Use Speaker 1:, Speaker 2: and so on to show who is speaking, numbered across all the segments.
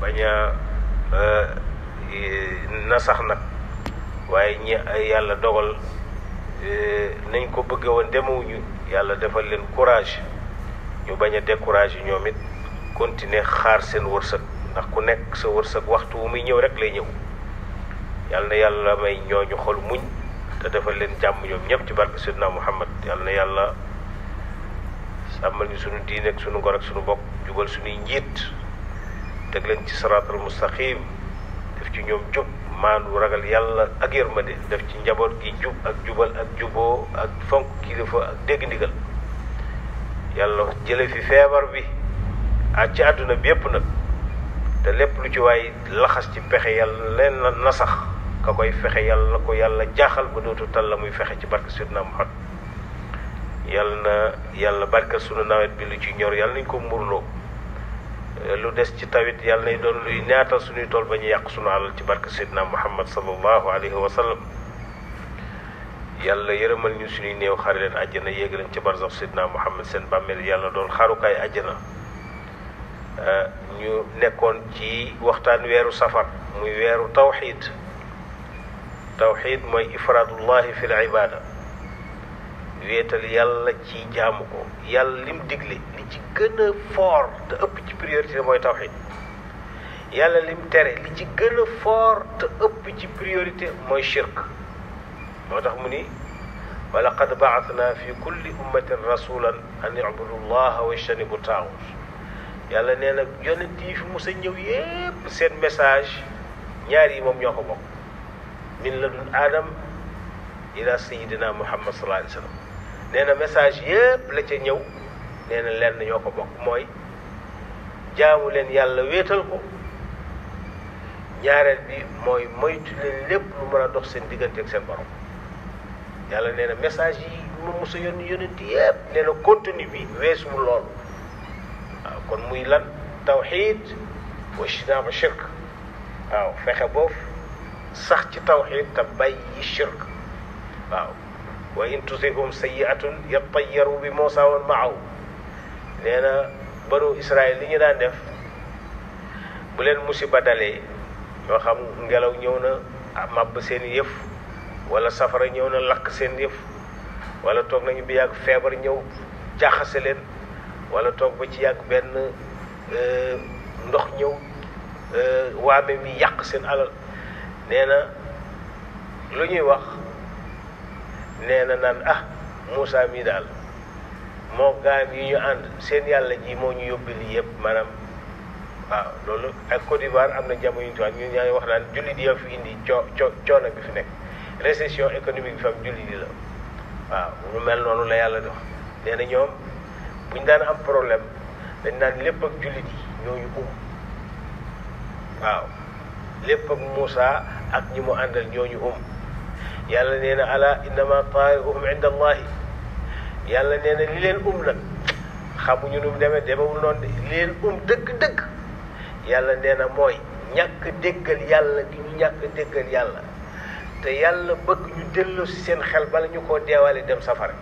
Speaker 1: bañ a e, na sax nag waaye ñi yàlla dogal e, nañ ko bëggee woon demewuñu yàlla defal leen courage ñu bañ a découragé ñoom it continuer xaar seen wërsëg ndax ku nekk sa wërsëg waxtu wu muy ñëw rek lay ñëw yàlla na yàlla may ñooñu xol muñ te defal leen jàmm yoom ñëpp ci barke Seydina Muhammad yàlla na yàlla sàmmal ñu sunu diine sunu ngor sunu bopp jubal sunuy njiit teg leen ci saraatal mustaqim def ci ñoom jub maandu ragal yàlla ak yërmande def ci njaboot gi jub ak jubal ak juboo ak fonk kilifa ak dégg ndigal yàlla jële fi feebar bi ak ci àdduna bi yépp nag te lépp lu ci waay laxas ci pexe yàlla leen na sax ka koy fexe yàlla na ko yàlla jaaxal ba dootu tal la muy fexe ci barke Seydina Muhammad yàlla na yàlla barkal sunu nawet bi lu ci ñor yàlla nañ ko murloo lu des ci tawit yàlla nay doon luy ñaatal suñuy tool ba ñu yàq suñu alal ci barke Seydina Muhammad sallallahu alayhi wa sallam yàlla yërëmal ñu suñuy néew xare leen àjjana yéeg leen ci barzax Seydina Muhammad seen bàmmeel yàlla doon xarukaay àjjana ñu nekkoon ci waxtaan weeru safar muy weeru tawxiid tawxiid mooy ifraadullahi fil ibaada wéetal yàlla ci jaamu ko yàlla lim digle li ci gën a te ëpp ci priorité mooy tawxid yàlla lim tere li ci gën a te ëpp ci priorité mooy shirk moo tax mu ni wa laqad baatna fi kulli ummatin rasulan an ibudu llaha wa yajtanibu taaxut yàlla nee na yonent yi fi musa seen message ñaar moom ñoo ko bokk min la dun ila sayidina muhammad sallallahu alayhi nee na message yépp la ca ñëw nee na lenn ñoo ko bokk mooy jaamu leen yàlla wéetal ko ñaareel bi mooy moytu leen lépp lu mën a dox seen diggante ak seen borom yàlla nee message yi mu mos a yónni yépp nee na bi weesuwul loolu waaw kon muy lan tawxiid wa ijtinaaba shirk waaw fexe boof sax ci tawxiid te bàyyi shirk waaw wa in tusihum sayyi'atun yattayaru bi Muusaa woon maahu nee na banu Israël li ñu daan def bu leen musiba dalee yoo xam ngelaw ñëw na màbb seen yëf wala safara ñëw na lakk seen yëf wala toog nañu bi yàgg feebar ñëw jaxase leen wala toog ba ci yàgg benn euh, ndox ñëw euh, waame mi yàq seen alal neena lu ñuy wax nee na naan ah Moussa mii daal moo gaam yi ñu ànd seen yàlla ji moo ñu yóbbi lii yëpp maanaam waaw loolu ak Côte d'Ivoire am na jamono yu ñu tuwaat wax naan jullit yi fi indi coo coo coono bi fi nekk récession économique bi fi am jullit yi la waaw mu mel noonu la yàlla dox nee na ñoom bu ñu daan am problème dañ naan lépp ak jullit yi ñooñu um waaw lépp ak Moussa ak ñi mu àndal ñooñu um yàlla nee na ala innama taa'iruhum inda yàlla nee na li leen um nag xamuñu nu demee demewul noonu de li leen um dëgg-dëgg yàlla nee na mooy ñàkk déggal yàlla gi ñu ñàkk déggal yàlla te yàlla bëgg ñu delloo si seen xel bala ñu koo deewaale dem safara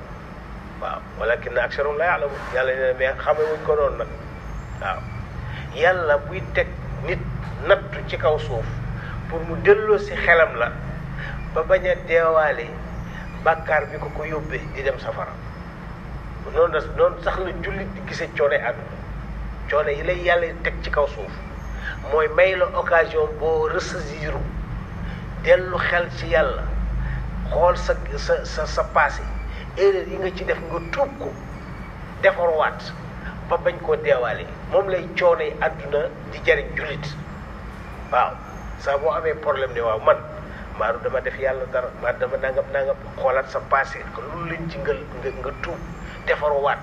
Speaker 1: waaw walakin aksarahum laa ya'lamuun yàlla nee na mais xamee wuñ ko nag waaw yàlla buy teg nit nattu ci kaw suuf pour mu delloo si xelam la ba bañ a deewaale bàkkaar bi ko ko yóbbee di dem safara noonu la noonu sax la jullit di gise coono àdduna coono yi lay yàlla teg ci kaw suuf mooy may la occasion boo ressaisir dellu xel ci yàlla xool sa sa sa sa passé yi nga ci def nga tuub ko ba bañ koo deewaale moom lay coono yi àdduna di jariñ jullit waaw saa boo amee problème ne waaw man maanaam dama def yàlla dara maanaam dama nangam nangam xoolaat sa passé que loolu lañ ci nga nga tuub defaruwaat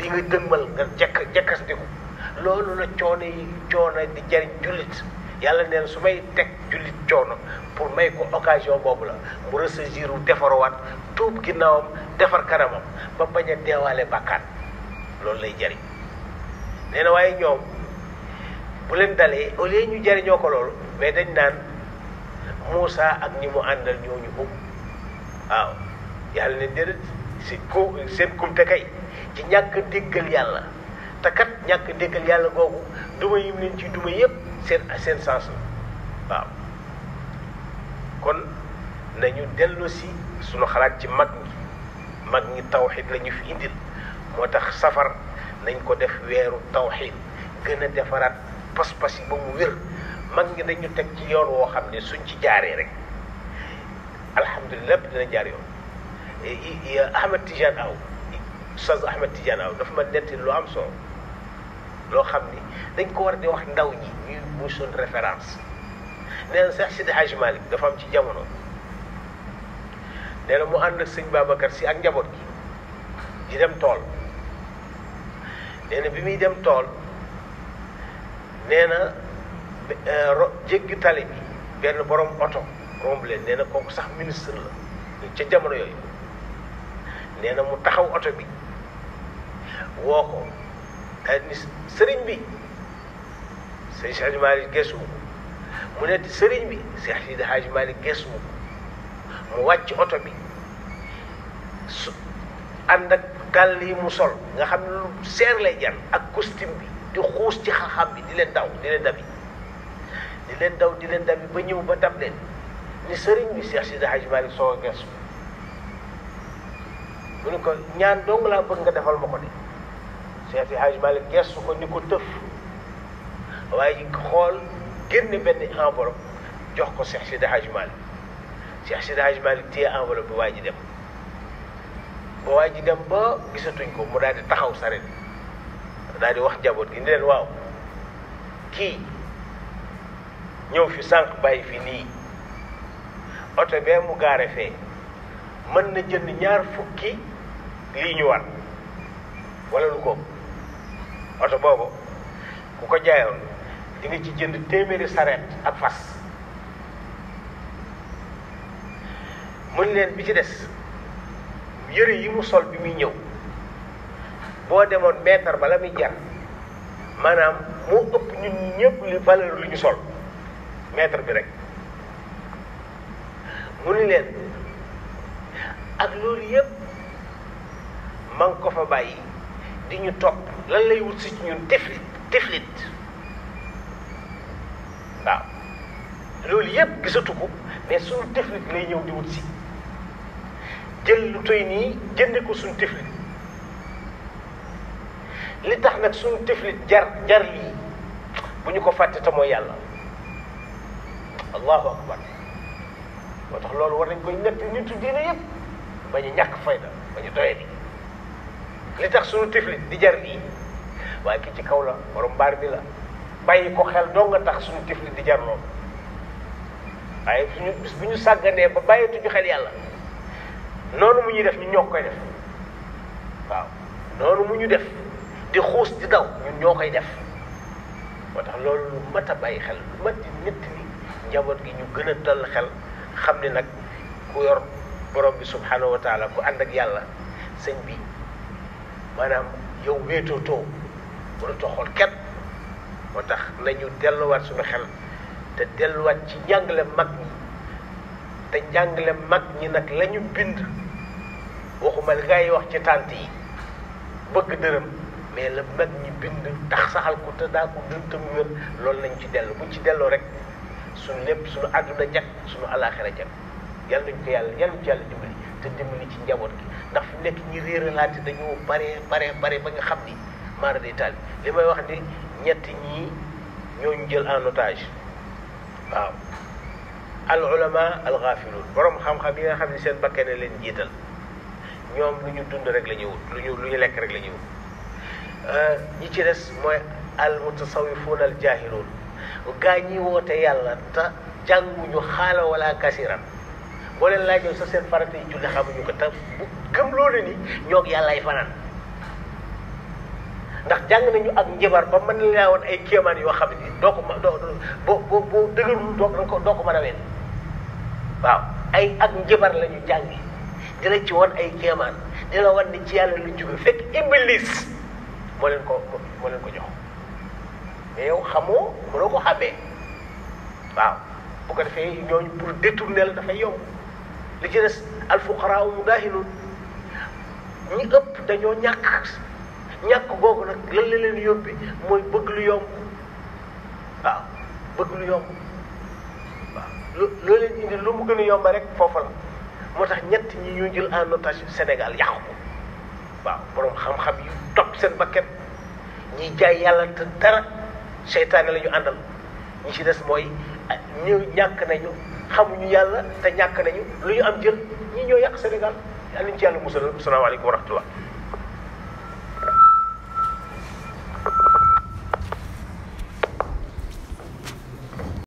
Speaker 1: li nga dëgmal nga jekk jekkastiku loolu la coono yi coono di jariñ jullit yàlla neen su may teg jullit coono pour may ko occasion boobu la mu ressaisir wu defaruwaat tuub ginnaawam defar kanamam ba bañ a deewaale bàkkaat loolu lay jariñ nee na waaye ñoom bu leen dalee au lieu ñu jariñoo ko loolu mais dañ naan Moussa ak ñi mu àndal ñooñu ëpp waaw yàlla ne déedéet si ko seen kumte kay ci ñàkk déggal yàlla takkat ñàkk déggal yàlla googu duma yim leen ci duma yépp seen seen sens la waaw kon nañu dellu si suñu xalaat ci mag ñi mag ñi tawxid lañu fi indil moo tax safar nañ ko def weeru tawxid gën a defaraat pas-pas yi ba mu wér mag ngi dañu teg ci yoon woo xam ne suñ ci jaaree rek alhamdulilah lépp dina jaar yoon Ahmed Tidiane aw Oustaz dafa ma netti loo am solo loo xam ni dañ ko war de wax ndaw ñi ñuy muy suñ référence nee na Seex Sidi Hajj dafa am ci jamono nee mu ànd ak sëñ Babacar si ak njaboot gi di dem tool nee bi muy dem tool nee Euh, jéggi tali bi benn borom oto romb leen nee kooku sax ministre la ca jamono yooyu nee na mu taxaw oto bi woo ko daal euh, ni sëriñ bi sëriñ si sëriñ bi Seex Sidi Hajji Maalik gesu ko mu wàcc oto bi su ànd ak mu sol nga xam lu seer lay jar ak costume bi di xuus ci xaxam bi di leen daw di leen dabi di leen daw di leen daw ba ñëw ba dab leen ni sëriñ bi Cheikh Sidi Hadj Malick soo a geesu mu ne ko ñaan dong laa bëgg nga defal ma ko de Cheikh Sidi Hadj Malick geesu ko ni ko tëf waaye ji xool génn benn enveloppe jox ko Cheikh Sidi Hadj Malick Cheikh Sidi Hadj Malick bi waa ji dem ba waa dem ba gisatuñ ko mu daal di taxaw saret daal di wax jaboot gi ni leen waaw kii ñëw fi sànq bàyyi fi nii oto bee mu gaare fee mën na jënd ñaar fukki lii ñu war wala lu ko oto boobu ku ko jaayoon di ci jënd téeméeri sareet ak fas mën leen bi ci des yëre yi mu sol bi muy ñëw boo demoon mètre bala la muy jar maanaam moo ëpp ñun ñëpp li valeur lu ñu sol maître bi rek mu ni leen ak loolu yépp ma ko fa bàyyi di ñu topp lan lay wut si ci ñun teflit teflit waaw loolu yépp gisatu ko mais suñu teflit lay ñëw di wut si jël lu toy nii jënde ko suñu teflit li tax nag suñu teflit jar jar lii bu ñu ko fàtte te mooy yàlla allahu akbar moo tax loolu war nañ koy nekk nitu diine yëpp bañu ñàkk fayda bañu doye bi li tax suñu tifli di jar lii waaye ki ci kaw la borom mbaar bi la bàyyi ko xel doo nga tax suñu tifli di jar loolu waaye bu ñu sàgganee ba bàyyituñu xel yàlla noonu mu ñuy def ñu ñoo koy def waaw noonu mu ñu def di xuus di daw ñun ñoo koy def moo tax loolu lu mat a bàyyi xel lu mat di nit njaboot gi ñu gën a dal xel xam ni nag ku yor borom bi subhanahu wa taala ku ànd ak yàlla seen bi maanaam yow wéetoo too mënatoo xool kenn moo tax nañu delluwaat suñu xel te delluwaat ci njàngale mag ñi te njàngale mag ñi nag la ñu bind waxuma li ngay wax ci tànt yi bëgg dërëm mais la mag ñi bind tax saxal ko te daa ko dund te mu wér loolu nañ ci dellu buñ ci delloo rek suñu lépp suñu àdduna jag suñu alaaxira jag yal nañu ko yàlla yal nañu ko yàlla dimbali te dimbali ci njaboot gi ndax fi nekk ñi réeralaate dañoo bare bare bare ba nga xam ni maara day taal li may wax ni ñett ñii ñoo ñu jël en otage waaw al ulama al ghaafilun borom xam-xam yi nga xam ne seen bakkee ne leen jiital ñoom lu ñu dund rek la wut lu ñu lu ñu lekk rek la ñuy wut euh, ñi ci des mooy al mutasawwifuun al jaahiluun gaa ñi woote yàlla te jànguñu xaala wala kasiran boo leen laajoon sa seen farata yi julli xamuñu ko te bu gëm loolu ni ñoog yàllaay fanaan ndax jàng nañu ak njibar ba mën laa woon ay kéemaan yoo xam ne doo ko ma doo boo boo boo dëgërul doo a wen waaw ay ak njibar la ñu jàngi dina ci woon ay kéemaan dina wan ni ci yàlla lu jóge fekk iblis moo leen ko moo leen ko jox yow xamoo mënoo ko xàmmee waaw bu ko defee ñooñu pour détourner la dafay yomb li ci des alfuqaraaw mu daahinun ñi ëpp dañoo ñàkk ñàkk googu nag lan leen yóbbi mooy bëgg lu yomb waaw bëgg lu yomb lu loo indi lu mu gën a yomb rek foofa la moo tax ñett ñi ñu jël en otage Sénégal yàqu ko waaw borom xam-xam yu topp seen bakket ñiy jaay yàlla te dara. seytaane lañu ñu àndal ñi ci des mooy ñu ñàkk nañu xamuñu yàlla te ñàkk nañu lu ñu am jël ñi ñoo yàq Sénégal yàlla nañu ci yàlla musal salaamaaleykum wa